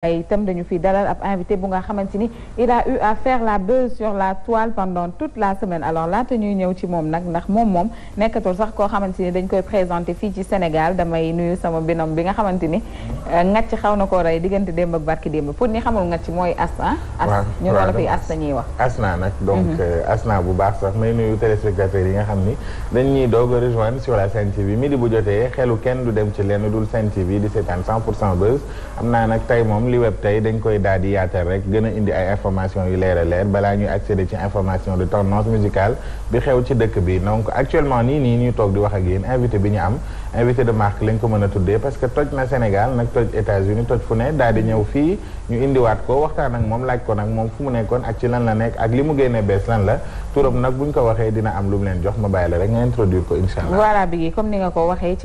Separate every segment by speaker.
Speaker 1: ay itam dañu fi dalal ab invité bu nga xamante ni a eu à la buzz sur la toile pendant toute la semaine alors laata ñuy ñëw ci moom nag ndax moom moom nekkatul sax koo xamante ni dañ koy présenté fii ci Sénégal damay nuyu sama binom bi nga xamante ni euh, ngacc xaw na koo diggante démb ak barki démb pour ñi xamul ngacc mooy Asna as ñu wala wax
Speaker 2: Asna nag mhm. donc euh, Asna bu baax sax may nuyu téléspectateurs yi nga xam ni dañ ñuy doog a rejoindre sur la Sen TV midi bu jotee xelu kenn du dem ci lenn dul Sen TV di seetaan 100 pour cent buzz am naa nag tey moo li web tey dañ koy daal yaatal rek gën a indi ay information yu leer leer balaa ñuy accéder ci information de tendance musicale bi xew ci dëkk bi donc actuellement nii nii ñuy toog di wax a yéen invité bi ñu am invité de marque lañ ko mën a tuddee parce que toj na Sénégal nag toj États-Unis toj fu ne daal ñëw fii ñu indiwaat ko waxtaan ak moom laaj ko nag moom fu mu nekkoon ak ci lan la nekk ak li mu génnee bees lan la turam nag buñ ko waxee dina am lu leen jox ma bàyyi la rek nga introduire ko incha allah.
Speaker 1: voilà bi comme ni nga ko waxee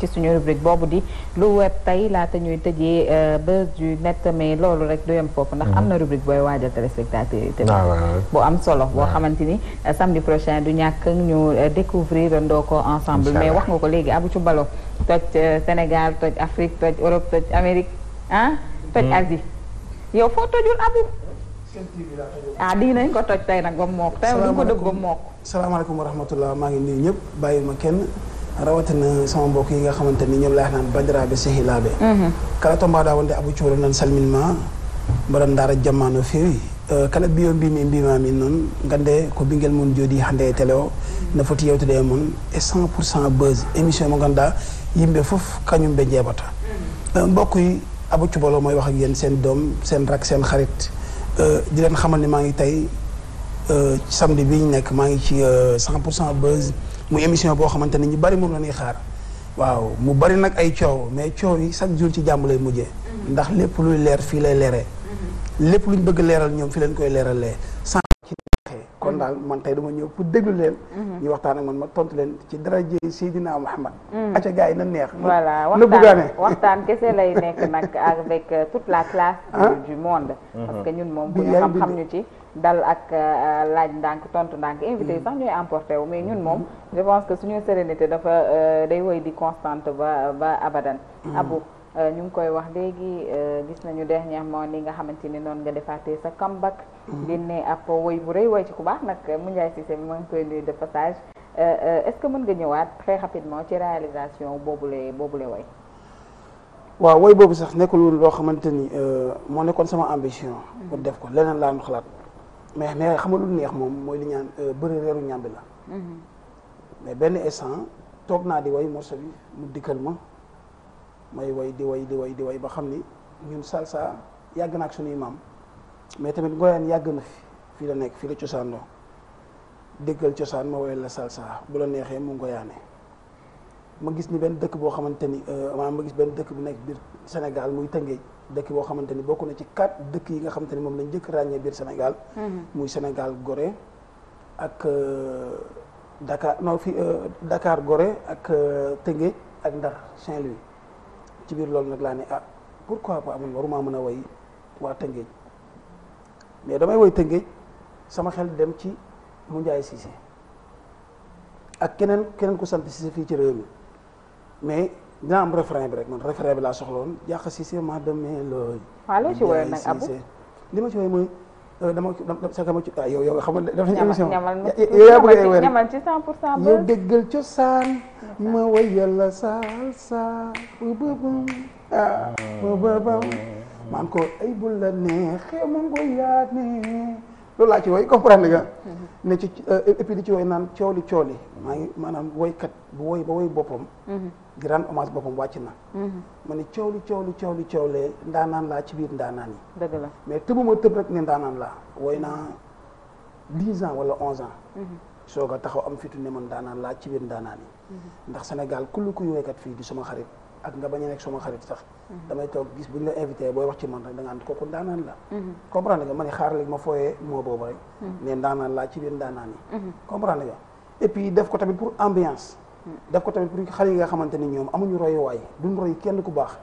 Speaker 1: ci boobu di lu web tey laata ñuy tëjee euh, buzz du net mais loolu rek du yem foofu ndax am na mhm. rubrique booy waajal téléspectateurs yi tamit ah, bu am solo boo xamante ni euh, samedi ñu euh, découvrir ndoo ko ensemble mais wax nga ko léegi abu ci balo toj euh, Sénégal toj Afrique toj Europe toj Amérique ah toj hmm. Asie yow foo tojul abu ah di nañ ko toj tey nag ba mook tey du ko dëgg ba mook salaamaaleykum
Speaker 3: wa maa ngi nii ñëpp bàyyi ma kenn na sama mbokk yi nga xamante ni ñoom laax naan bandiraɓe sehilaaɓe mhm. kala to mbaɗa wonde abou cuhra nan salminma mbaɗon ndaara jammano feewi Euh, kala biyo mbimi mbimamin noon gande ko ɓinguel mon jooɗi hande e télé o no foti yewtude e mon e 100 pour cent buse émission mo ganduɗa yimɓe foof kañum ɓe jeeɓata euh, mbokkuy abou cubalo mooy wax ak yéen seen doom seen rak seen xarit euh, di leen xamal ni maa ngi tey samedi bi ñu nekk maa ngi ci 100 pour cent buzz mu émission boo xamante ne ñu bari moom la ñuy xaar waaw mu bari nag ay coow mais coow yi chaque jour ci jàmm lay mujjee ndax lépp leer fii lay leeree lépp luñ bëgg leeral ñoom fi leen koy leeralee sans ci waxee kon mm-hmm. daal man tey dama ñëw pour déglu leen mm-hmm. ñu waxtaan ak man ma tontu leen ci dara jëy Seydina Mouhamad mm. acca gars yi na neex voilà na bëggaane
Speaker 1: waxtaan kese lay nekk nag avec euh, toute la classe du ah. monde mm-hmm. parce que ñun moom ku xam-xam ñu ci dal ak euh, euh, laaj ndànk tontu ndànk invité yi sax ñooy emporté wu mais ñun moom je pense que suñu sérénité dafa day woy di constante ba ba abadan abu ñu ngi koy wax léegi euh, gis nañu dernièrement li nga xamante ni noonu nga defaatee sa comeback. Mm-hmm. génne ab woy bu rëy woy ci ku baax nag mu Ndiaye Cissé ma ngi koy nuyu de passage euh, euh, est mën nga ñëwaat très rapidement ci réalisation boobu boobu boobule woy.
Speaker 3: waaw woy boobu sax nekkul loo xamante ni moo nekkoon sama ambition. Mm-hmm. pour def ko leneen laa nu xalaat mais mais xam nga lu neex moom mooy li ñaan bëri reeru ñàmbi la. Mm-hmm. mais benn instant toog naa di woy morceau mu dikkal ma. may way di way di way di way ba xam ni ñun salsa yàgg na ak suñuy maam mais tamit ngoyaan yàgg na fi fii la nekk fii la cosaanoo déggal cosaan ma woyal la salsa bu la neexee mu ngoyaane ma gis ni benn dëkk boo xamante ni euh, maanaam ma gis benn dëkk bi nekk biir Sénégal muy Tëngéej dëkk boo xamante ni bokk na ci quatre dëkk yi nga xamante ni moom lañ njëkk ràññee biir Sénégal mm-hmm. muy senegal Gorée ak euh, Dakar non fii euh, Dakar Gorée ak Tëngéej ak Ndar Saint-Louis ci biir loolu nag laa ne ah pour pourquoi pas man waruma mën a way waa Tëngéej mais damay woy Tëngéej sama xel dem ci mu njaay Cissé ak keneen keneen ku sant Cissé fii ci réew mi mais dinaa am refrain bi rek man refrain bi laa soxla woon jàq Cissé ma demee looy. waaw loo ci woyoon li ma ci woy mooy. dama eh, dama ci ah, yow yow xam nga dafa émission yaa bëgg ay wér cosaan ma wayal la salsa babam ah babam ah. man ko ay bu la neexee ma ngoy yaat loolu laa ci woy comprendre nga ne ci euh, et puis ci woy naan cooli cooli maa ngi maanaam woykat bu woy ba woy boppam di mhm. rendre hommage boppam wàcc na mhm. ma ne cooli cooli cooli coolee ndaanaan laa ci biir ndaanaan yi la mais tëbuma tëb rek ne ndaanaan laa woy naa dix ans wala onze ans mhm. soog a taxaw am fitu ne man ndaanaan laa ci biir ndaanaan yi ndax Sénégal kullu kuy woykat fii di suma xarit ak nga bañ a nekk sama xarit sax damay toog gis bu ñu la invité booy wax ci man rek da nga ànd kooku ndaanaan la mhm. comprendre nga ma ne xaar léegi ma fooyee moo boobu rek mais mhm. ndaanaan laa ci biir ndaanaan yi mhm. comprendre nga et puis def ko tamit pour ambiance def ko tamit pour xale yi nga xamante ni ñoom amuñu royuwaay duñ roy kenn ku baax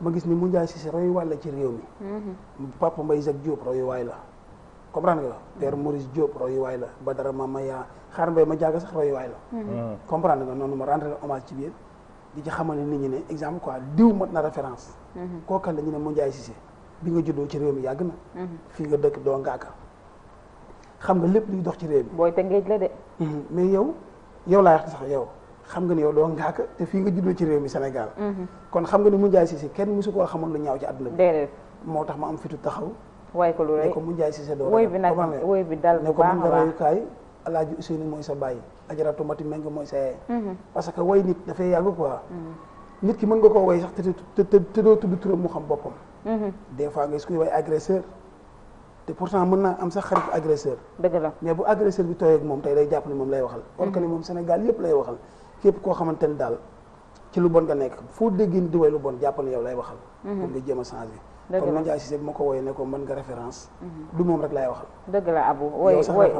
Speaker 3: ma gis ni mu njaay si si royuwaay la ci réew
Speaker 4: mi
Speaker 3: Papa Mbaye Jacques Diop royuwaay la comprendre nga père Maurice Diop royuwaay la ma jaaga sax royuwaay la comprendre nga noonu ma rendre hommage di ci xamal nit ñi ne exemple quoi diw mat na référence. Mhm. kooku la ñu ne Moundiaye Cissé bi nga juddoo ci réew mi yàgg na. Mhm. fii nga dëkk doo ngaaka xam nga lépp luy la de. Mhm. mais yow yow laa wax sax yow xam nga ne yow doo ngaaka te fii nga juddoo ci réew mi Sénégal. kon xam nga ne Moundiaye Cissé kenn mësu koo xamoon lu ñaaw ci àdduna bi. moo tax ma am fitu taxaw.
Speaker 1: waay ko lu rëy ne ko doo. wóy bi ne ko mun nga rëyukaay
Speaker 3: alaaji Ousseynou mooy sa bàyyi ajaratu mati meng mooy sa yaay mhm. parce que way nit dafay yàgg quoi mhm. nit ki mën nga koo way sax te te te doo tudd turam mu xam boppam mhm. des fois nga su koy way agresseur te pourtant mën naa am sax xarit agresseur dëgg la mais bu agresseur bi tooyeeg moom tey day jàpp ne moom lay waxal or que ni moom Sénégal yépp lay waxal képp koo xamante ne daal ci lu bon nga nekk foo déggin di way lu bon jàpp ne yow lay waxal pour nga jéem a changer dëgg la kon man Ndiaye Cissé ko wooyee ne ko mën nga référence. Mhm. du moom rek laay wax.
Speaker 1: dëgg la Abu wooy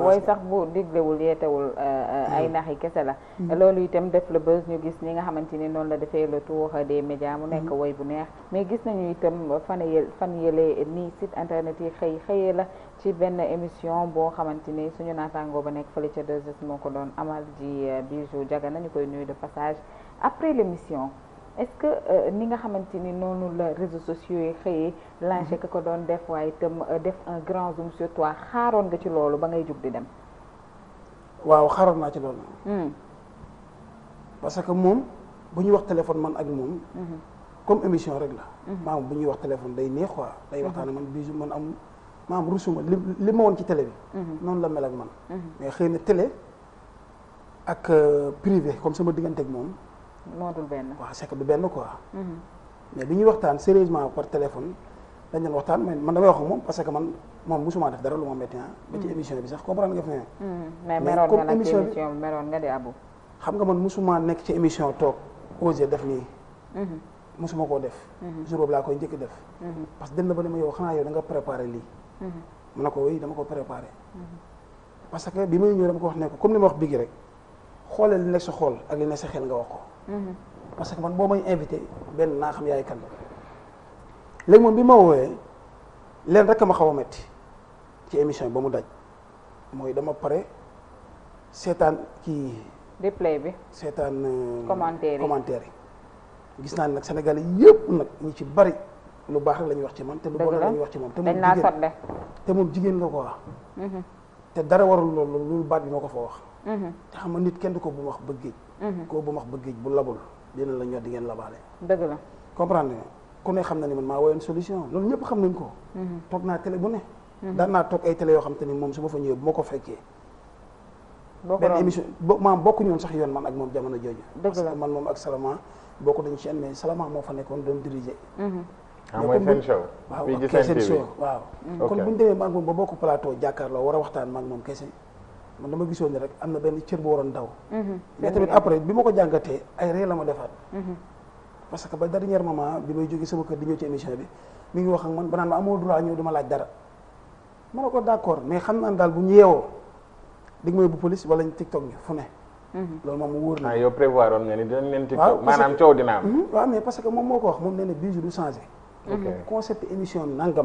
Speaker 1: wooy sax bu diglewul yeetewul euh, euh, ay mhm. nax yi kese la. Mhm. loolu itam def la ñu gis ni nga xamante ni noonu la defee le tour des médias mu nekk woy bu neex. mais gis nañu itam fan yë fan yële ni site internet yi xëy xëyee la ci benn émission boo xamante ni suñu naataangoo ba nekk fële ca 2S moo ko doon amal ji euh, Bijou Diagana nañu koy nuyu de passage après l' émission. est-ce que euh, ni nga xamante ni noonu la réseaux sociaux yi xëyee lancé ka ko doon def waaye itam euh, def grand zoom xaaroon nga ci loolu ba ngay jug di dem
Speaker 3: waaw xaaroon naa ci loolu hmm. parce que moom bu ñuy wax téléphone man ak moom hmm. comme émission rek la hmm. maam bu ñuy wax téléphone day neex quoi day waxtaan man bisu man am rusuma li ma woon ci télé bi noonu la mel ak man mais xëy na télé ak euh, privé comme sama diggante ak moom moo dul benn. waaw c'est que du benn quoi. Mhm. mais bi ñuy waxtaan sérieusement par téléphone dañ leen waxtaan mais man damay wax moom parce que man moom musuma def dara lu ma métti ah. ba ci mhm. émission bi sax comprendre nga fi ne.
Speaker 1: Mhm. mais meroon nga nag ci émission bi meroon nga
Speaker 3: xam nga man musuma nekk ci émission toog osé def nii. musuma koo def. jour boobu laa koy njëkk def. parce que dem na ba ne ma yow xanaa yow da nga préparé lii. mu ne ko oui dama ko ko wax ne ko comme ni ma wax bigi rek xoolal li nekk sa xool ak li nekk sa xel nga wax ko. parce que man boo may invité benn naa xam yaay kan léegi moom bi ma woowee leen rek ma xaw a metti ci émission bi ba mu daj mooy dama pare seetaan kii. replay bi seetaan. Euh, commentaire yi commentaire yi. gis naa ne nag Sénégalais yëpp nag ñu ci bari lu baax rek la ñuy wax ci man. te lu bon la wax ci moom. te moom jigéen te moom jigéen la ko wax. te dara warul loolu loolu baat bi moo ko fa wax. Mhm. te xam nit kenn du ko bu wax bëggee. Mm-hmm. koo bu max ba géej bu labul dina la ñoo di ngeen labaale dëgg la comprendre ne ku ne xam na ni man maa woyoon solution loolu ñëpp xam nañ ko mm-hmm. toog naa télé bu ne
Speaker 4: mm-hmm. daan
Speaker 3: naa toog ay télé yoo xam te ni moom su ma fa ñëwee bu ma ko fekkee benn émission bo maam bokku ñoon sax yoon man ak moom jamono jooju parce que man moom ak Salama bokku dañ chaîne mais Salama moo fa nekkoon doon diriger ah, waaw kon bu demee maag moom ba bokk plateau jàkkaarloo war a waxtaan man dama gisoon ni rek am na benn cër bu waroon daw.
Speaker 4: Mhm. mais tamit après
Speaker 3: bi ma ko jàngatee ay ree la ma defaat. Mhm. parce que ba dernier moment bi may jógee sama kër di ñëw ci émission bi mi ngi wax ak man ba naan ma amoo droit ñëw dama laaj dara. ma ne ko d' accord mais xam naa daal bu ñu yeewoo dig ma yóbbu police wala ñu tiktok ñu fu ne. Mhm. loolu moom
Speaker 2: wóor na. ah yow prévoir woon nga ni am.
Speaker 3: waaw parce que moom moo ko wax moom nee na bii du changé. concept la.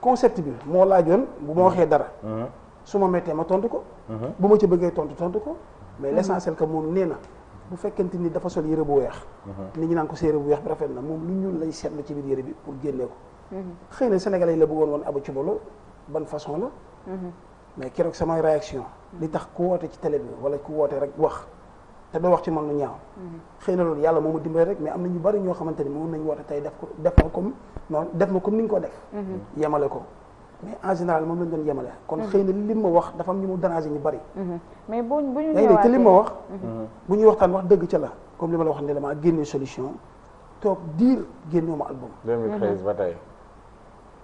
Speaker 3: concept ma waxee dara. su ma méttee ma tontu ko. Mhm. bu ma ci bëggee tontu tontu ko. mais mhm. l' essentiel que moom nee na bu fekkente ni dafa sol yére bu weex. Mhm. nit ñi naan ko sa yére bu weex bi rafet na moom lu ñuul lay seetlu ci biir yére bi pour génnee ko. xëy na sénégalais yi la bëggoon woon abu cubalo ban façon la. mais keroog samay réaction. li tax ku woote ci télé bi wala ku wootee rek wax. te doo wax ci man lu ñaaw. xëy na loolu yàlla moo ma dimbale rek mais am na ñu bari ñoo xamante ni moom nañu woote tey def ko def ko comme non def ma comme ni nga ko
Speaker 4: def.
Speaker 3: ko. mais en général moom lañ doon yemale. kon xëy na li mu ma wax dafa am ñu mu déranger ñu bari.
Speaker 1: Mhm. mais bu bu ñu ñëwaatee te li ma wax. Mhm. Mhm.
Speaker 3: bu ñuy waxtaan wax dëgg ca la comme li ma la wax ne la maa génne solution toog diir génne ma album.
Speaker 2: 2013 ba tey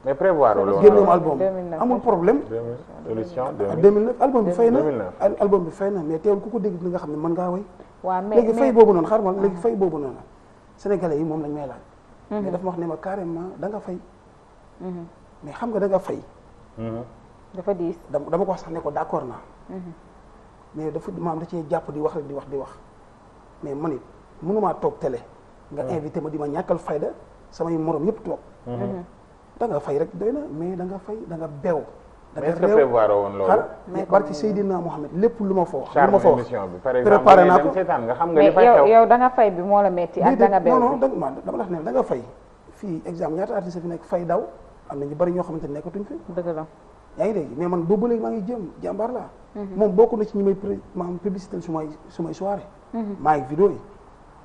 Speaker 2: mais prévoir loolu génne ma album amul problème. solution 2009 ah, album bi fay na album
Speaker 3: bi fay na mais teewul ku ko dégg li nga xam ne mën ngaa way.
Speaker 1: waaw mais léegi fay boobu noonu xaaral ma
Speaker 3: léegi ah. fay boobu noonu sénégalais yi moom lañ may laaj. mais dafa ma wax ne ma carrément da nga fay. mais xam nga danga nga fay. Mhm. dafa diis dama ko wax sax ne ko d'accord naa. Mhm. mais dafa maam da cee jàpp di wax di wax di wax mais man it mënumaa toog télé. Mhm. invité ma di ma ñàkkal fayda samay morom yëpp toog. da nga fay rek doy mais da nga fay da nga beew.
Speaker 2: da nga réew prévoir woon loolu. mais barki
Speaker 3: Seydina Mohamed lépp lu ma fa wax. lu naa ko nga xam
Speaker 1: fay bi moo la metti ak da nga beew non non
Speaker 3: dama la wax ne da nga fay fii exemple ñaata artiste fi fay daw. am na ñu bari ñoo xamante nekkatuñ fi. dëgg la yaa ngi mais man boobu ba léegi maa ngi jëm jàmbaar laa. Mhm. moom bokk na ci ñi may maam publicité su may su may soirée. Mhm. maa ngi vidéo yi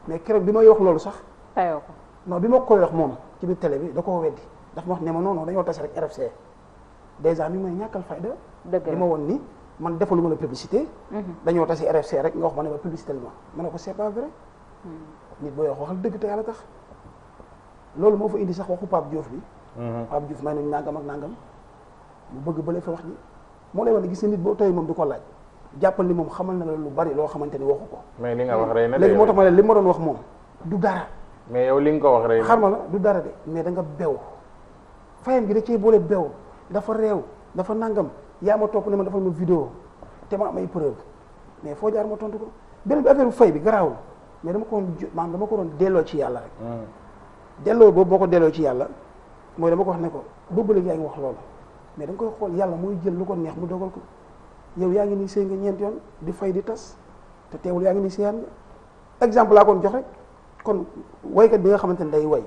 Speaker 3: mais keroog bi may wax loolu sax. tayoo bi ma koy wax moom ci biir télé bi da koo weddi dafa ma wax ne ma non non dañoo tase rek RFC dèjà mi may ñàkkal fayda. dëgg li ma woon ni man defaluma la publicité. Mhm. dañoo tase RFC rek nga wax ma ne ma publicité ma ma ne ko c'est pas vrai. nit booy wax waxal dëgg te yàlla tax loolu moo fa indi sax waxu Pape Diouf bi. Uh-huh. Pape Diouf may nañ nangam ak nangam mu bëgg bële fa wax ji moo lay wax ne gis nit boo tey moom di ko laaj jàppal ni moom xamal na la lu bari loo xamante ni waxu ko.
Speaker 2: mais li nga wax rey na léegi moo tax ma
Speaker 3: ne li ma doon wax moom du dara.
Speaker 2: mais yow li ko wax rey na xarma
Speaker 3: la du dara de mais da nga bew fayam gi da cee boole bew dafa réew dafa nangam yaa ma topp ne ma dafa ma vidéo te ma am ay preuve mais foo jaar ma tontu ko beneen bi affaire fay bi garaawul mais dama ko woon maanaam dama ko doon delloo ci yàlla rek.
Speaker 4: Uh-huh.
Speaker 3: delloo boobu boo ko delloo ci yàlla. mooy dama ko wax ne ko boobu léegi yaa ngi wax loolu mais da koy xool yàlla mooy jël lu ko neex mu dogal ko yow yaa ngi nii sëy nga ñeent yoon di fay di tas te teewul yaa ngi nii sëyaan nga exemple laa kon jox rek kon waykat bi nga xamante ne day way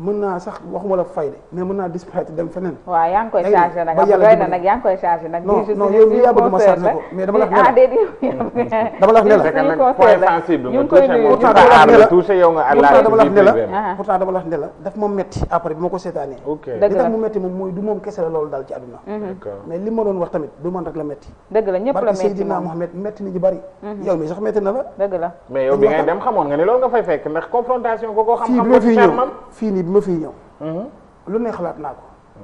Speaker 3: mën naa sax waxuma la fay de mais mën naa disparaître dem feneen.
Speaker 1: waaw yaa ngi koy chargé nag am doy na nag yaa ngi koy chargé nag. non non yow yaa bëgg ma chargé ko mais dama la wax ne la ah, hmm. dama la wax ne la. ñu ngi koy nuyu pourtant dama la wax ne
Speaker 4: la
Speaker 3: pourtant dama la wax ne la pourtant dama la wax ne la daf ma metti après bi ma ko seetaanee. dëgg la li tax mu metti moom mooy du moom kese la loolu daal ci àdduna. Mhm. mais li ma doon wax tamit du man rek la metti. dëgg la ñëpp la metti barke Seydina Mohamed metti na ñu bari. Mhm. yow mi sax metti na la. dëgg la mais yow bi ngay dem
Speaker 2: xamoon nga ne loolu nga fay fekk ndax confrontation
Speaker 1: ko ko xam xam
Speaker 2: fii
Speaker 3: nii bi ma fiy ñëw. Mhm. lu ne xalaat naa ko.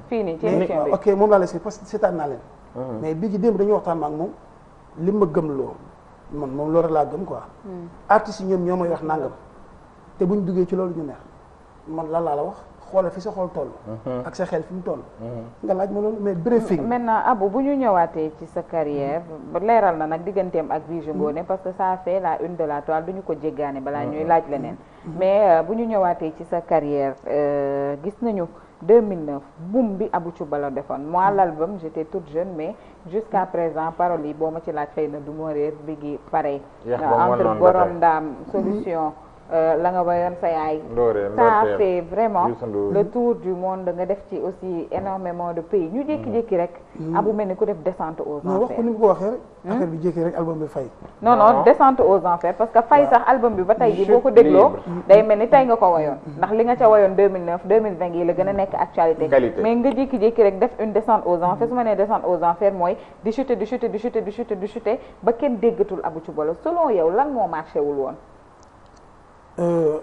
Speaker 1: fii nii ci émission
Speaker 3: ok moom laa la si parce que seetaan naa leen. Mhm. mais bii ci démb dañuy waxtaan ak moom li ma gëm loo man moom loolu laa gëm quoi. Mhm. artistes yi ñoom ñoo may wax nangam te buñ
Speaker 1: duggee ci loolu ñu neex
Speaker 3: man lan laa la wax. xoolal fi sa toll. Uh-huh. ak sa xel fi mu toll. Uh-huh.
Speaker 1: nga laaj ma loolu mais briefing. maintenant Abou bu ñu ñëwaatee ci sa carrière leeral na nag digganteem ak Bijou mm-hmm. Ngoné parce que ça fait la une de la toile du ñu ko jéggaane balaa ñuy uh-huh. laaj leneen. Mm-hmm. mais euh, bu ñu ñëwaatee ci sa carrière euh, gis nañu. 2009 boom bi abu ci la defoon moi mm-hmm. l'album j'étais tout jeune mais jusqu'à présent paroles yi boo ma ci laaj xëy na du ma réer bi gi pare euh, entre borom ndaam solution Euh, la nga wayoon sa yaay ça c'est vraiment le tour du monde nga def ci aussi énormément de pays ñu jékki-jékki rek mm. abu mel ni ku def descente aux enfers wax ko ni nga ko waxee rek hmm? affaire bi jékki rek album bi fay non non descente aux enfers parce que fay sax album bi ba tey boo ko dégloo day mel ni tey nga ko wayoon mm. ndax li nga ca wayoon 2009 2020 yi la gën a nekk actualité mais nga jékki-jékki rek def une descente aux enfers su ma nee descente aux enfers mooy di chuter di chuter di chuter di chuter di ba kenn déggatul abu ci bolo selon yow lan moo marché wul woon
Speaker 3: Euh,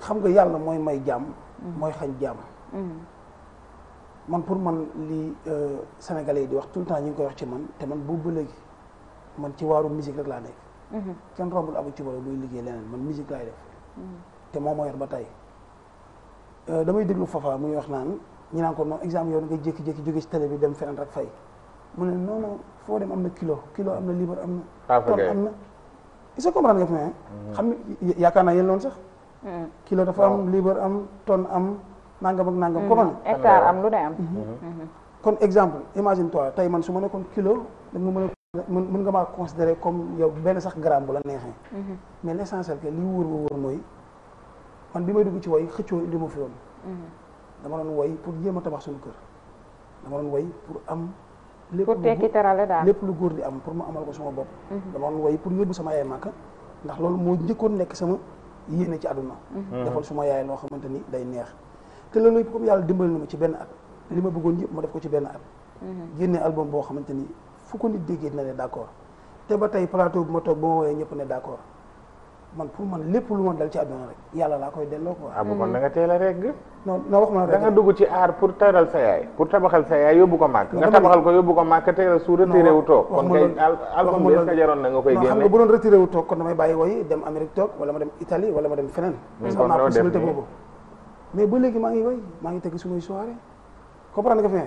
Speaker 3: xam nga yàlla mooy may jàmm. mooy xañ jàmm. man pour man li euh, Sénégalais di wax tout le temps ñu ngi koy wax ci man te man boobu ba léegi man ci waaru musique rek laa nekk. Mhm. kenn rombul abu ci borom muy liggéey leneen man musique laay def. Mhm. te moom moo yor ba tey euh, damay déglu Fafa muy wax naan ñu naan ko non exemple yow nga jékki-jékki jóge ci télé bi dem feneen rek fay mu ne non foo dem am na kilo kilo am na libre am
Speaker 2: na.
Speaker 1: tonne am na.
Speaker 3: est-ce nga fi ma mm. xam ne yaakaar naa yéen loon sax. Mm. kilo dafa am libre am tonne am nangam ak nangam. Mm. comprendre hectare am lu ne am. Mm-hmm. Mm-hmm. Mm-hmm. kon exemple imagine toi tey man su ma nekkoon kilo da nga mën a mën nga maa considérer comme yow benn sax gramme bu la neexee. mais l'essentiel que li wóor wóor mooy man bi may dugg ci woy xëccoo li ma fi woon. dama doon woy pour jéem a tabax suñu kër dama doon woy pour am. lépp lu tekki terale daal lépp lu góor di am pour ma amal ko sama bopp. Mhm. dama doon woy pour yóbbu sama yaay màkk ndax loolu moo njëkkoon nekk sama yéene ci àdduna. Mhm. defal suma yaay noo xamante ni day neex. te loolu yëpp comme yàlla dimbali na ma ci benn at li ma bëggoon yëpp ma def ko ci benn at. Mhm. génne album boo xamante ni fu ko nit déggee dina ne d' te ba tey plateau bu ma toog ba ma woowee ñëpp ne d' accord. man pour man lépp lu ma dal ci àdduna rek
Speaker 2: yàlla laa koy delloo quoi. ah bu kon da nga teel a regg. ma da nga dugg ci aar pour teral sa yaay. pour tabaxal sa yaay yóbbu ko màkk. nga tabaxal ko yóbbu ko màkk teral su retiré a toog. kon
Speaker 3: toog kon damay bàyyi woy dem Amérique toog wala ma dem Italie wala ma dem feneen. am naa possibilité boobu mais ba léegi maa ngi woy maa ngi teg sumay soirée comprendre nga fi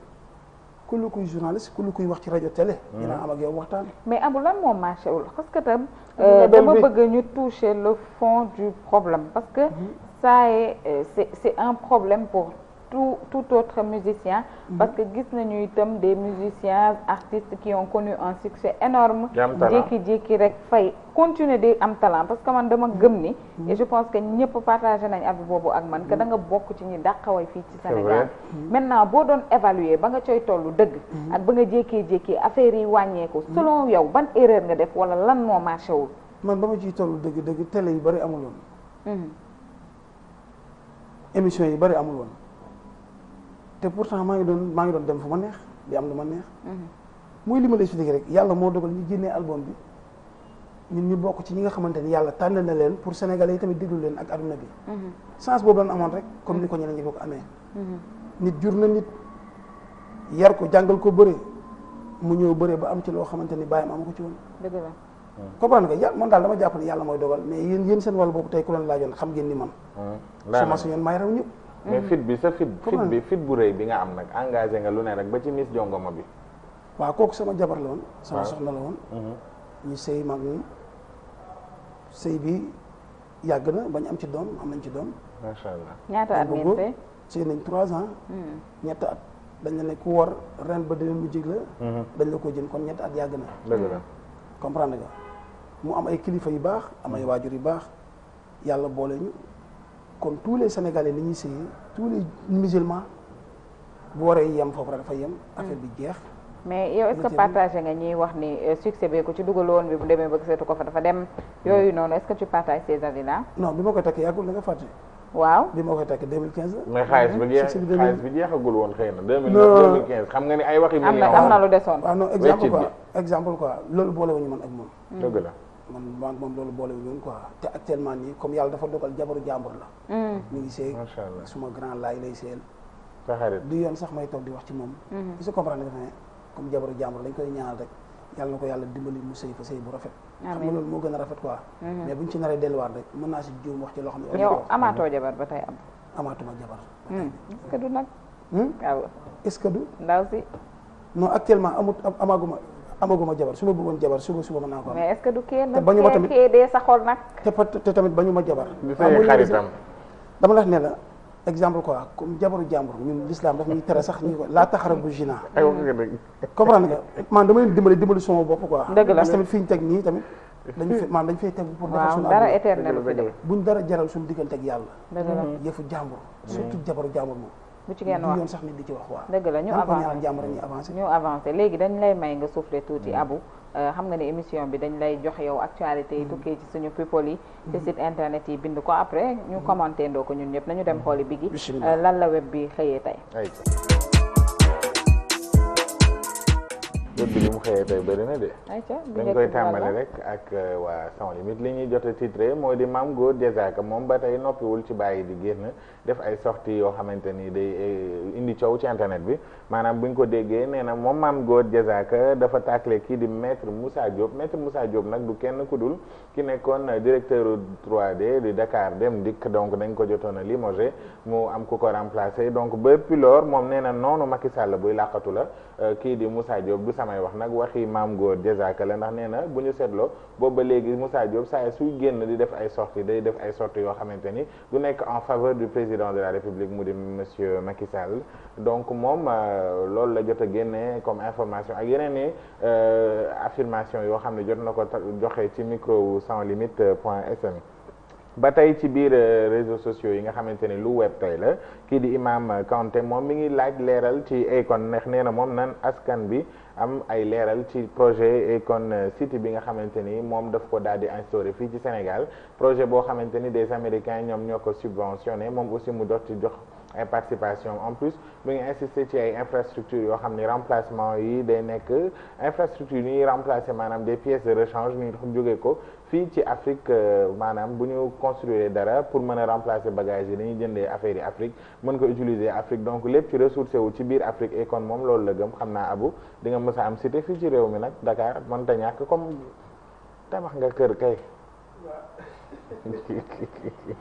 Speaker 3: ku lu kuy journaliste ku lu kuy wax ci rajo télé. dina hmm. am
Speaker 1: ak yow waxtaan. mais abu lan moo marché wul parce que tam. ba euh, euh, bëgg ñu toucher le fond du problème parce que. Hmm. ça est euh, c'est un problème pour. tout tout autre musicien mm-hmm. parce que gis nañu itam des musiciens artistes qui ont connu un succès énorme jékki-jékki rek fay continuer di am talent parce que man dama gëm ni mm-hmm. je pense que ñëpp partagé nañ ab boobu ak man que danga bokk ci ñi dàqaway fii ci Sénégal mm-hmm. maintenant boo doon évaluer ba nga coy tollu dëgg ak ba nga jékki-jékki affaire yi wàññeeku selon yow ban erreur nga def wala lan moo marché wul
Speaker 3: man ba ma ciy tollu dëgg dëgg télé yu bari amu émission yi bari amuloon te pourtant maa ngi doon maa ngi doon dem fu ma neex di am lu ma neex. Mhm. muy li ma la expliqué rek yàlla moo dogal ñu génnee album bi ñu bokk ci ñi nga xamante ni yàlla tànn na leen pour sénégalais yi tamit déglu leen ak aduna bi. chance mhm. boobu la amoon rek comme ni ko ñeneen ñi ko amee. Mhm. nit jur na nit yar ko jàngal ko bëre mu ñëw bëre ba am ci loo xamante ni bàyyam amu ko ci woon. dëgg la. comprendre nga yàlla man daal dama jàpp ni yàlla mooy dogal mais yéen yéen xam
Speaker 2: ngeen ma mais mm. fit bi sa fit fit bi bu rëy bi nga am nag engagé nga lu ne rek ba ci Miss Jongoma bi
Speaker 3: waaw kooku sama jabar la woon sama soxna la woon mm-hmm. ñu sëy mag ñu sëy bi yàgg na ba ñu am ci doom am ci doom macha allah ñaata at ngeen sëy nañ trois ans mm. ñett at dañ la ne ku war ren ba déwén bu jig la mm-hmm. dañ la ko jën kon ñett at yàgg na dëgg la mu am ay kilifa yu baax am ay mm. waajur yu baax yàlla boole ñu comme tous les sénégalais ni ñuy sëyee tous les musulmans bu waree yem foofu rek dafa yem. affaire bi jeex.
Speaker 1: mais yow est-ce que partagé nga ñuy wax ni euh, succès bi ko ci dugaloon bi bu demee ba gisatu ko fa dafa dem yooyu hmm. noonu est-ce que tu partages ces avis là.
Speaker 3: non bi ma koy takk yàggul na nga fàtte. waaw bi ma koy takk 2015 la. mais xaalis bi jeex xaalis
Speaker 2: bi jeexagul woon xëy na. 2009 2015 xam nga ni ay waxi. am na am na lu desoon. waaw ah non exemple quoi
Speaker 3: exemple quoi loolu boolewuñu man ak moom. dëgg la. man man moom loolu boole wu ñun quoi te actuellement nii comme yàlla dafa dogal jabaru jàmbur la. mi mm. ngi seey suma grand laay lay seel. du yoon sax may toog di wax ci moom. il mm-hmm. se comprendre dafa ne comme jabaru jàmbur dañ koy ñaanal rek yàlla na ko yàlla dimbali mu sëy fa sëy bu rafet. a mm-hmm.
Speaker 1: jabar ba tey am.
Speaker 3: amaatuma jabar.
Speaker 1: Mm. est-ce
Speaker 3: que nag. Hmm? waaw actuellement amut amaguma jabar su ma bëggoon jabar suba suba mën naa ko am. mais est-ce ma exemple quoi comme jabaru jàmbur ñun l'islam daf ñuy tere sax ñu ko laa taxarabu zina. aywa comprendre nga man dama leen dimbali dimbali sama bopp quoi. dëgg fi ñu teg nii tamit. dañu fi maanaam dañu fay tegu dara éternel buñ dara jaral suñu diggante ak yàlla. yëfu jàmbur surtout mm. jabaru jàmbur moom
Speaker 1: bu ci ngeen wax yoon sax
Speaker 3: nit di ci wax waaw.
Speaker 1: la ñu avancé ñu avancé léegi dañ lay may nga soufflé tuuti mm. abu euh, xam nga ne émission bi dañ lay jox yow actualité yi mm. tukkee ci suñu people yi ci mm. site internet yi bind ko après ñu commenté ndoo ko ñun ñëpp nañu dem xooli bigi euh, lan la web bi xëyee tey
Speaker 2: kër bi li mu xëyee tey bëri de.
Speaker 5: dañ koy tàmbale rek
Speaker 2: ak waa sans limite li ñuy jot a titré moo di Mame Goor Diazaka moom ba tey noppiwul ci bàyyi di génn def ay sorties yoo xamante ni day indi coow ci internet bi maanaam bu ñu ko déggee nee na moom Mame Goor Diazaka dafa tàkkale kii di maître Moussa Diop maître Moussa Diop nag du kenn ku dul ki nekkoon directeur trois de di dakaar Dem Dikk donc dañ ko jotoon a limogé mu am ku ko remplacé donc ba pilor moom nee na noonu Macky Sall buy làqatu la may wax nag waxi maam góor jazaaka la ndax nee na bu ñu seetloo boobu ba léegi Moussa Diop saa suy génn di def ay sorties day def ay sorties yoo xamante ni du nekk en faveur du président de la République mu di monsieur Macky Sall donc moom euh, loolu la jot a génne comme information ak yeneen i euh, affirmation yoo xam ne jot na ko joxe ci micro wu sans limite point sm ba tey ci biir euh, réseaux sociaux yi nga xamante ni lu web tey la kii di imam Kanté moom mi ngi laaj leeral ci Akon neex nee na moom nan askan bi am ay leeral ci projet kon City bi nga xamante ni moom daf ko daal di instauré fii ci Sénégal projet boo xamante ni des Américains ñoom ñoo ko subventionné moom aussi mu dox ci jox ay participation en plus mi ngi insister ci ay infrastructures yoo xam ni remplacement yi day nekk infrastructure yi remplacer maanaam des pièces de rechange ñu jógee ko fii ci Afrique euh, maanaam bu ñu construire dara pour mën a remplacer bagages yi dañuy jëndee affaires yi Afrique mën ko utiliser Afrique donc lépp ci ressourcé wu ci biir Afrique et kon moom loolu la gëm xam naa abu dinga nga mës a am cité fii ci réew mi nag Dakar mën ta ñàkk comme tabax nga kër kay.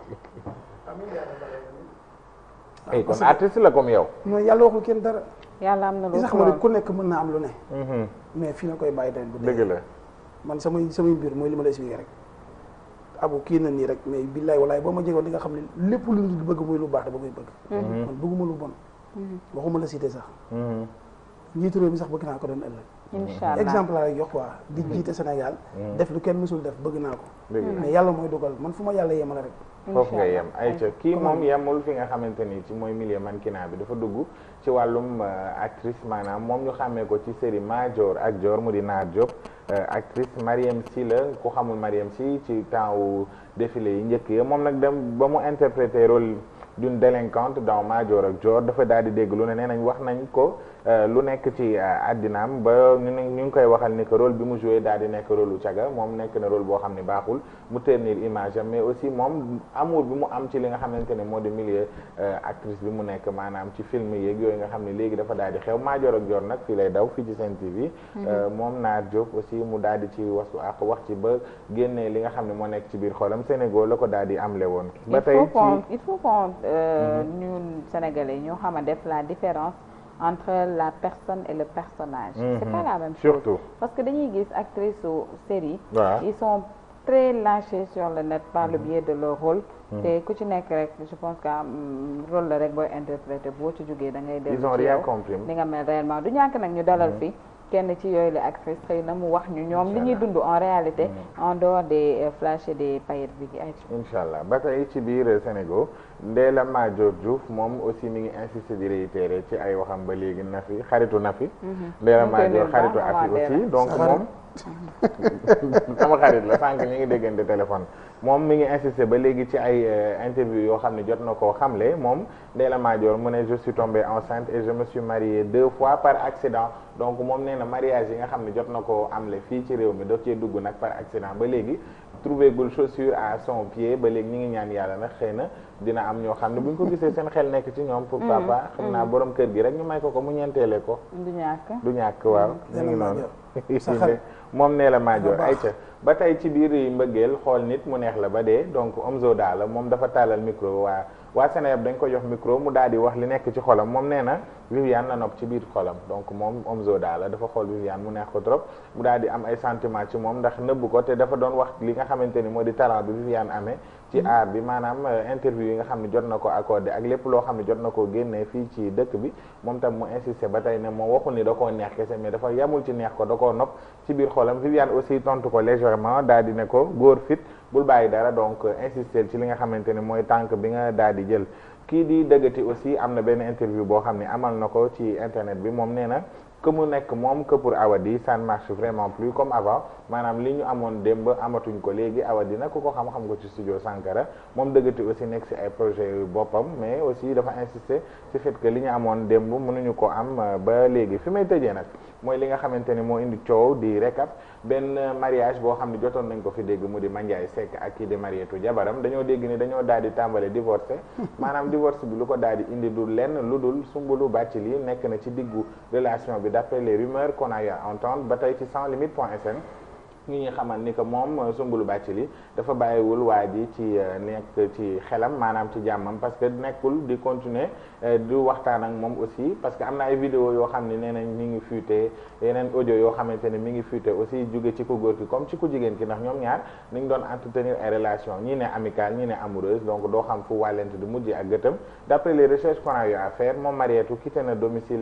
Speaker 2: waaw eh, kon artiste la comme yow.
Speaker 3: non yàlla waxul kenn dara. yàlla am na loolu sax ma ne ku nekk mën naa am lu ne. Mhm. mais fii na koy bàyyi tamit bu dëgg la man samay samay mbir mooy li ma la expliqué rek. abu kii na nii rek mais billaay walaay boo ma jegoon di nga xam ne lépp bëgg muy lu baax dama koy bëgg. Mhm. man bëgguma lu bon. Mhm. waxuma la cité sax. njiitu réew mi sax bëgg naa ko doon ëllëg. incha allah exemple laa lay jox def lu kenn mësul def bëgg naa ko. mais yàlla mooy dogal man fu ma yàlla yemale rek. foofu nga yem ayca kii moom
Speaker 2: yemul fi nga xamante ni ci mooy millier mannequinat bi dafa dugg ci wàllum euh, actrice maanaam moom ñu xàmmee ko ci série Madior ak joor mu di Naar Diop euh, actrice Mariam Sy la ku xamul Mariam Sy ci temps wu défilé yi njëkk ya moom nag dem ba mu interpréter rôle d'une délinquante dans Madior ak Dior dafa daal di dégg lu ne nee nañ wax nañ ko Euh, lu nekk ci euh, àddinaam ba ñu ñu ngi koy waxal ni que rôle bi mu joué daal di nekk rôle lu caga moom nekk na rôle boo xam ne baaxul mu ternir image am mais aussi moom amour bi mu am ci li nga xamante ne moo di milieu euh, actrice bi mu nekk maanaam ci film yeeg yooyu nga xam ne léegi dafa daal di xew maa jor ak jor nag fii lay daw fii ci Sen TV mm-hmm. moom Naar Diop aussi mu daal di ci wasu ak wax ci ba génnee li nga xam ne moo nekk ci biir xoolam Sénégal la ko daal di amle woon ba tey
Speaker 1: il faut qu'on mm-hmm. ñun sénégalais ñoo xam a def la différence entre la personne et le personnage. Mm -hmm. c'est mhm. pas la surtout parce que dañuy gis actrices ou série ouais. ils sont très lâchés le net par mm -hmm. le mhm. biais de leur rôle. Mhm. te ku ci nekk rek je pense que mm, rôle la rek booy interpréter boo ci jugee da ngay. ils ont rien compris ni nga mel réellement du ñàkk nag ñu dalal fi. kenn ci yooyu la actrice xëy na mu wax ñu ñoom li ñuy dund en réalité en dehors des euh, flashs et des paillettes bi gi ay
Speaker 2: incha allah ba ci biir Sénégal Ndella Madior Diouf moom aussi mi ngi insisté di réitéré ci ay waxam ba léegi Nafi xaritu Nafi. Mhm. Ndella Madior xaritu Afi aussi donc moom. sama xarit la sànq ñu ngi déggante téléphone moom mi ngi insisté ba léegi ci ay euh, interview yoo xam ne jot na koo le moom Ndella Madior mu ne je suis tombée enceinte et je me suis mariée deux fois par accident donc moom nee na mariage yi nga xam ne jot na koo amle fii ci réew mi daf cee dugg nag par accident ba léegi trouvé gul chaussure à son pied ba léegi ñu ngi ñaan yàlla nag xëy na dina am ñoo xam ne bu ñu ko gisee seen xel nekk ci ñoom. pour mm-hmm. papa xam naa mm-hmm. borom kër gi rek ñu may ko ko mu ñeenteele ko.
Speaker 1: du ñàkk du
Speaker 2: ñàkk waaw. Mm-hmm. ñu ngi noonu moom nee la maajoor ay ca ba tey ci biir mbëggeel xool nit mu neex la ba dee donc Omzo Dollar la moom dafa tàllal micro waa. waa Sénégal dañ ko jox micro mu daal di wax li nekk ci xolam moom nee na Viviane na nopp ci biir xolam donc moom Omzo daal la dafa xool Viviane mu neex ko trop mu daal di am ay sentiment ci moom ndax nëbb ko te dafa doon wax li nga xamante ni moo di talent bi Viviane amee ci mm-hmm. aar bi maanaam euh, interview yi nga xam ne jot na ko accordé ak lépp loo xam ne jot na koo génnee fii ci dëkk bi moom tam mu insisté ba tey ne moom waxul ni da koo neex kese mais dafa ci neex ko da koo ci biir xolam Viviane aussi tontu ko légèrement daal di ne ko góor fit bul bàyyi dara donc euh, insister ci li nga xamante ne mooy tànk bi nga daal di jël kii di dëggati aussi am na benn interview boo xam ne amal na ko ci internet bi moom nee na que mu nekk moom que pour Awadi ça ne vraiment plus comme avant maanaam li ñu amoon démb amatuñ ko léegi Awadi nag ku ko xam-xam ko ci studio sànkara moom dëggati aussi nekk si ay projet yu boppam mais aussi dafa insister ci fait que li ñu amoon démb mënuñu ko am euh, ba léegi fi may tëjee nag mooy li nga xamante ne moo indi coow di récap benn mariage boo xam ne jotoon nañ ko fi dégg mu di Mandiaye Seck ak kii di Marietou jabaram dañoo dégg ni dañoo daal di tàmbale divorcé maanaam divorce bi lu ko daal di indi du lenn lu dul lu bàcc lii nekk na ci diggu relation bi d'après les rumeurs qu'on en eu ba tey ci sans limite point sn mi ngi xamal ni que moom Soumboulou Bathily dafa bàyyiwul waa ji ci euh, nekk ci xelam maanaam ci jàmmam parce que nekkul di continuer euh, di waxtaan ak moom aussi parce que am na ay vidéo yoo xam ne nee nañ mi ngi fuité yeneen audio yoo xamante ne mi ngi fuité aussi jóge ci ko góor ki comme ci ko jigéen ki ndax ñoom ñaar ni ngi doon entretenir ay relation ñi ne amicale ñi ne amoureuse donc doo xam fu wàllent di mujj ak gëtam d'après les recherches qu'on a eu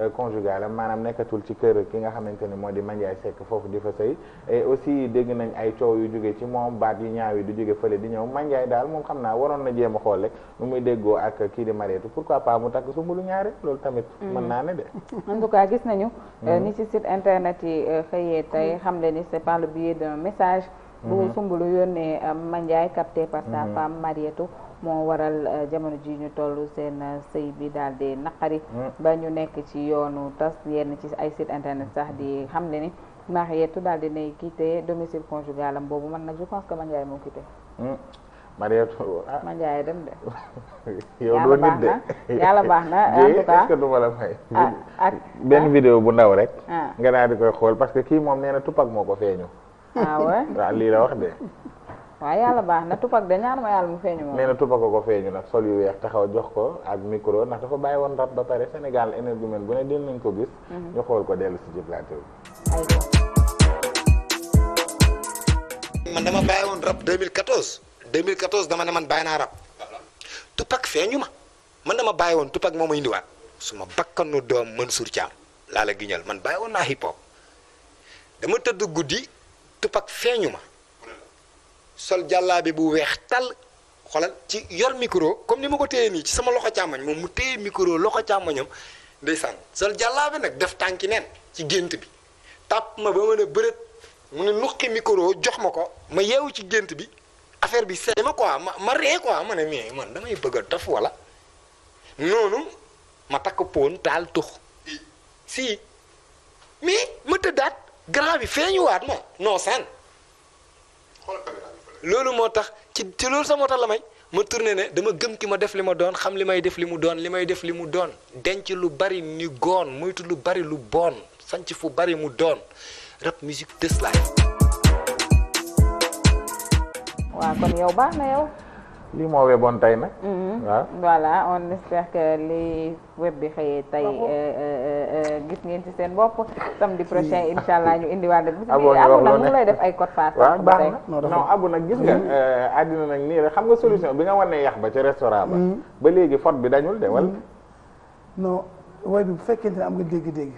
Speaker 2: Euh, conjugal am maanaam nekkatul ci kër ki nga xamante ni moo di Mandiaye Seck foofu di fa sëy et aussi dégg nañ ay coow yu jóge ci moom baat yu ñaaw yi du jóge fële di ñëw Mandiaye daal moom xam naa waroon na jéem a xool rek nu muy déggoo ak kii di Mariétou pourquoi pas mu takk sumbulu
Speaker 1: ñaari loolu tamit mm. mën naa ne de en tout cas gis nañu euh, mm. ni ci site internet yi euh, xëyee tey mm. xam le ni c'est par le biais d'un message bu mm-hmm. sumbulu yónnee Mandiaye capté par sa mm-hmm. femme Mariétou moo waral euh, jamono ji ñu toll seen euh, sëy bi daal di naqari mm. ba ñu nekk ci yoonu tas yenn ci ay site internet sax di xam ne ni Mariétou daal di nay quitté domicile conjugal am boobu mën nag je pense que Mandiaye moo quitté
Speaker 2: mm. Mariétou
Speaker 1: ah Mandiaye dem de.
Speaker 2: yow doo baax na en tout cas est la may. Ah, ak benn bu ndaw rek. Ah. nga naa di koy xool parce que kii moom nee na moo ko feeñu.
Speaker 1: ah lii la wax de. waaw yàlla baax na Tupac de ñaan ma yàlla mu feeñu
Speaker 2: yu weex taxaw jox ko ak micro ndax dafa bàyyi woon ba pare Sénégal énergumène bu ne din ko gis. Mhm. ko dellu si ci plateau bi.
Speaker 5: man dama ne man bàyyi naa rab Tupac feeñu ma man dama bàyyi woon Tupac moo ma indiwaat su ma bakkanu doom Mansour Thiam laa la giñal man bàyyi woon naa hip hop dama tëdd guddi Tupac feeñu ma. sol jàllaabi bu weex tal xoolal ci yor micro comme ni ma ko téye nii ci sama loxo càmmañ moom mu téye micro loxo càmmoñam ndeysaan sol jàllaabi nag def tànki neen ci gént bi tàpp ma ba mën a bërët mu ne nuqi micro jox ma ko ma yeewu ci gént bi affaire bi seey ma quoi ma ma ree quoi ma ne mais man damay bëgg a dof wala noonu ma takk poon taal tux si mais ma tëddaat grand bi feeñuwaat ma non saan. xoolal loolu moo tax ci ci loolu sax moo tax la may ma turne ne dama gëm ki ma def li ma doon xam li may def li mu doon li may def li mu doon denc lu bari ni goon muytu lu bari lu boon sanc fu bari mu doon
Speaker 2: rap musique dës laay
Speaker 1: kon yow baax na yow
Speaker 2: lii moo weboon tey nag.
Speaker 1: Mhm. waaw voilà on espère que li web bi xëyee tey euh, euh, euh, gis ngeen ci seen bopp samedi prochain incha allah ñu indiwaat la. aboo ñu wax nag mu lay def ay code face. waaw baax na non
Speaker 2: abu nag gis nga. Mhm. àddina nag nii rek xam nga solution bi nga wan ne yàq ba ca restaurant ba. Mhm. ba léegi faute bi dañul de wala.
Speaker 3: non way bi bu fekkente ne am nga dégg-dégg.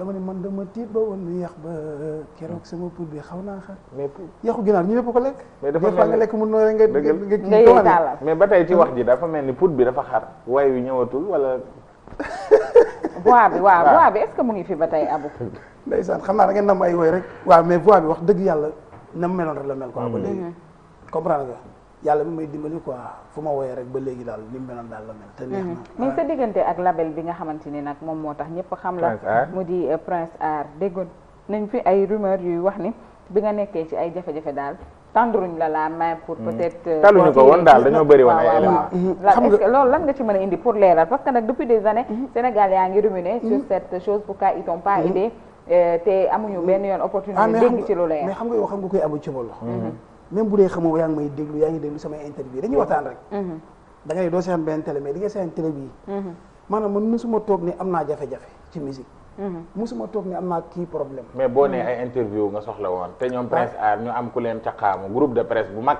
Speaker 3: dama ne man dama tiit ba woon ni yax ba keroog sama put bi xaw naa xar. mais yaxu ginaar ñu ñëpp ko lekk. mais dafa mel nga lekk mu nooy nga.
Speaker 2: dëgg nga mais ba tey ci wax ji dafa mel ni put bi dafa xar. way wi ñëwatul wala.
Speaker 1: voix bi waaw voix bi est mu ngi fi ba tey abu. ndeysaan xam naa da ngeen nam ay
Speaker 3: woy rek. waa mais voix bi wax dëgg yàlla na meloon rek la mel. quoi ba hmm. léegi hmm. comprendre nga. yàlla mi may dimbali quoi fu ma woyee rek ba léegi daal ni mu meloon daal la mel. te neex
Speaker 1: mhm. na bi nga xamante ni nag moom moo tax ñëpp xam la. mu di euh, Prince nañ fi ay rumeur yuy wax ni bi nga nekkee ci ay jafe-jafe daal. tànduruñ la la pour mhm. peut-être. Euh, taluñu ko woon dañoo bëri woon ay mhm. xam nga loolu lan nga ci mën a indi pour leeral parce que nag depuis des années. Sénégal yaa ngi ruminer sur cette chose pourquoi ils n'ont pas aidé. Euh, te ah, ci loolu la xam
Speaker 3: nga yow xam nga koy abu ci loolu. même bu dee xamoo yaa ngi may déglu yaa ngi déglu samay interview dañuy waxtaan rek. Mm-hmm. da doo seen benn télé mais di seen télé bii. Mm-hmm. maanaam man musuma toog ni am naa jafe-jafe ci musique. Mm-hmm. musuma toog ni am naa kii problème. mais boo nee ay
Speaker 2: interview nga soxla woon te ñoom ah. presse aar ñu am ku leen caqaamu groupe de presse bu mag.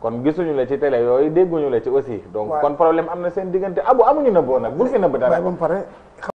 Speaker 2: kon gisuñu la ci télé yooyu dégguñu la ci aussi. donc kon problème am na seen diggante abu ah, amuñu na boo bu
Speaker 3: fi